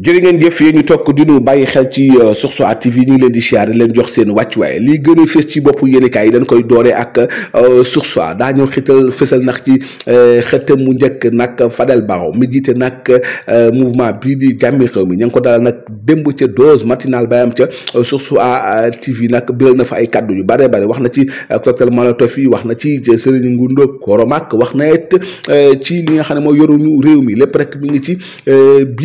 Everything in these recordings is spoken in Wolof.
jërë ngeen jëf yéen ñu toog di ñu bàyyi xel ci euh, Sourcea TV ñu ngi leen di siyaare leen jox seen wàccuwaay lii gën a fës ci bopp yéenekaay yi dañ koy dooree ak euh, Sourcea daa ñëw xital fësal nax ci euh, xëtam mu njëkk nag Fadel Barro mi jiite nag mouvement bii di jàmmi xew mi ña ngi ko dalal nag démb ca dose matinal bayam ca Sourcea TV nag biral na fa ay kàddu yu bare bare wax na ci cocktail Molotov fii wax na ci ngu Serigne Ngundo Koromak wax na it ci li nga xam ne mooy yoruñu réew mi lépp rek mi ngi ci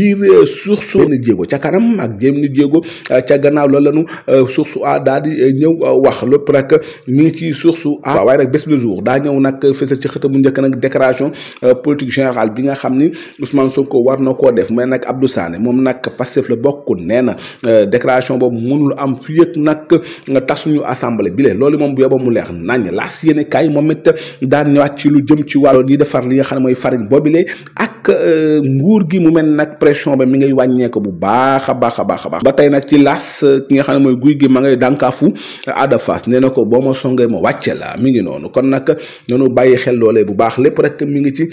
source jéego ca kanam ak jéem nit jéego euh, ca gannaaw la lañu euh, source a daal di euh, ñëw wax lépp nag mu ngi ci su a waaye nag bés le jour daa ñëw nag fësal ci xëta mu njëkk nag déclaration politique générale bi nga xam ni Ousmane ko war na koo def mais nag Abdou saane moom nag Pastef la bokk nee na déclaration boobu lu am fii ak nag tasuñu assemblée bi lee loolu moom bu yoba mu leex nañ laas yéene kaay moom it daan ñëwaat ci lu jëm ci wàllu di defar li nga xam ne mooy farine boobi lee ak euh, nguur gi mu mel nag pression ba mi ngay wàññeeku bu baax a baax a baax a baax ba tey nag ci las euh, ki nga xam ne mooy guy gi ma ngay dànkaafu euh, Ada Fass nee na ko boo ma songee ma wàcce la mi ngi noonu kon nag noonu bàyyi xel loolee bu baax lépp rek mi ngi ci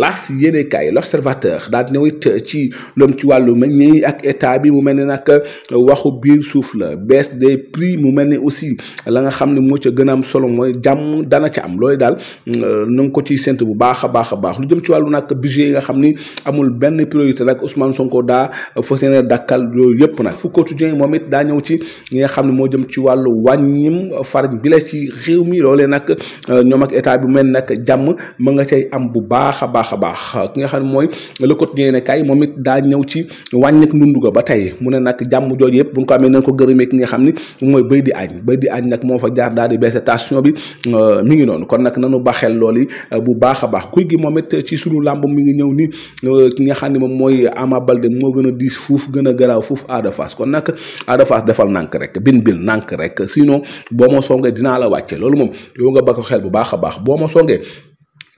las yéenekaay l'observateur daal di ñëw it ci loom ci wàllu meññ ak état bi mu mel ni nag waxu biir suuf la bees de prix mu mel ni aussi la nga xam ne moo ca gën a am solo mooy jàmm dana ca am looy daal na nga ko ciy séntu bu baax a baax a baax lu jëm ci wàllu nag sujet yi nga xam ni amul benn priorité nag Ousmane Sonko daa fas yéene dàkkal yooyu yëpp nag fu quotidien moom it daa ñëw ci nga xam ne moo jëm ci wàllu wàññim farine bi la ci réew mi loolee nag euh, ñoom ak état bi mel nag jàmm ma nga cay am bu baax a baax a baax ki nga xam ne mooy le quotidien ne kay moom it daa ñëw ci wàññik ndunduga ba tey mu ne nag jàmm jooju yëpp buñ ko amee nañ ko gërëmee ki nga xam ni mooy béy di añ béy di añ nag moo fa jaar daal di baisse bi euh, mi ngi noonu kon nag nanu baxel loolu euh, bu baax a baax kuy gi moom it ci sunu làmb mi mi ngi ñëw ni euh, ki moom mooy Ama Baldé moo gën a diis fuuf gën a garaaw fuuf Ada Fass kon nag Ada defal nànk rek bin bil nànk rek sinon boo ma songee dinaa la wàcce loolu moom yow nga ba ko xel bu baax a baax boo ma songee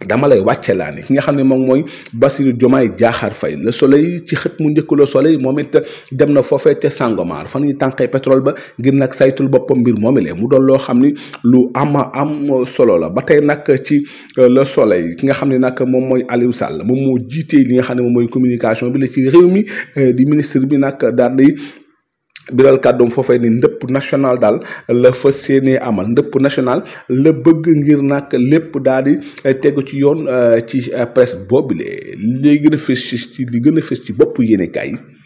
dama lay wàccee laa ne ki nga xam ne moom mooy Bassirou Diomaye Diakhar Faye le soleil ci xët mu njëkk le soleil moom it dem na foofee ca Sangomar fa ñuy tànqee pétrole ba ngir nag saytul boppam mbir moomi lee mu doon loo xam ni lu am am solo la ba tey nag ci euh, le soleil ki nga xam ne nag moom mooy Aliou moom moo jiitee li nga xam ne moom mooy communication bi la ci réew mi euh, di ministre bi nag daal di biral kàddum foofee ni ndëpp national daal la fas yéenee amal ndëpp national la bëgg ngir nag lépp daal di eh, tegu ci yoon eh, ci eh, presse boobule li gën a fës ci li gën a fës ci bopp yéenekaay yi